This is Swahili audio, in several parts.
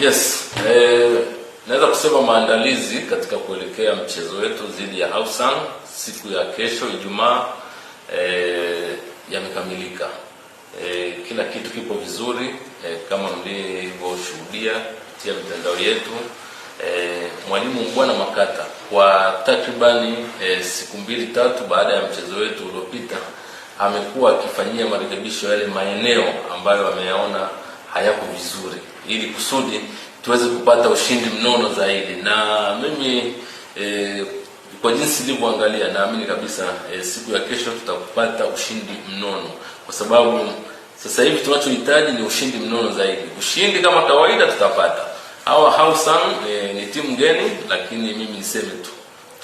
Yes, eh, naweza kusema maandalizi katika kuelekea mchezo wetu dhidi ya Hausan siku ya kesho Ijumaa eh, yamekamilika. Eh, kila kitu kipo vizuri eh, kama mlivyoshuhudia kupitia mitandao yetu eh, mwalimu Mbwana Makata kwa takribani eh, siku mbili tatu baada ya mchezo wetu uliopita amekuwa akifanyia marekebisho yale maeneo ambayo ameyaona hayako vizuri, ili kusudi tuweze kupata ushindi mnono zaidi. Na mimi eh, kwa jinsi nilivyoangalia, naamini kabisa eh, siku ya kesho tutapata ushindi mnono, kwa sababu sasa hivi tunachohitaji ni ushindi mnono zaidi. Ushindi kama kawaida tutapata. Hawa Hausan eh, ni timu geni, lakini mimi niseme tu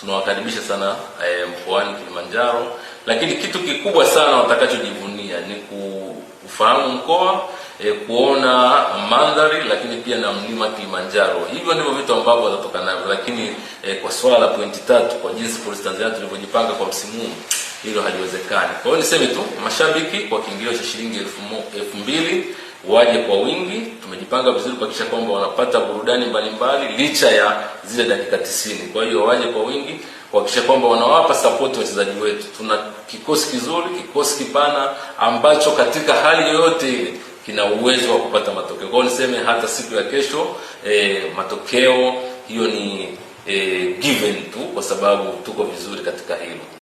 tunawakaribisha sana eh, mkoani Kilimanjaro, lakini kitu kikubwa sana watakachojivunia ni kufahamu mkoa e, kuona mandhari lakini pia na mlima Kilimanjaro. Hivyo ndivyo vitu ambavyo watatoka navyo, lakini e, kwa swala la pointi tatu, kwa jinsi Polisi Tanzania tulivyojipanga kwa msimu huu, hilo haliwezekani. Kwa hiyo niseme tu mashabiki kwa kiingilio cha shilingi elfu mbili waje kwa wingi. Tumejipanga vizuri kuhakikisha kwamba wanapata burudani mbalimbali mbali, licha ya zile dakika tisini. Kwa hiyo waje kwa wingi kuhakikisha kwamba wanawapa sapoti wachezaji wetu. Tuna kikosi kizuri, kikosi kipana ambacho katika hali yoyote ile kina uwezo wa kupata matokeo. Kwa niseme hata siku ya kesho e, matokeo hiyo ni e, given tu, kwa sababu tuko vizuri katika hilo.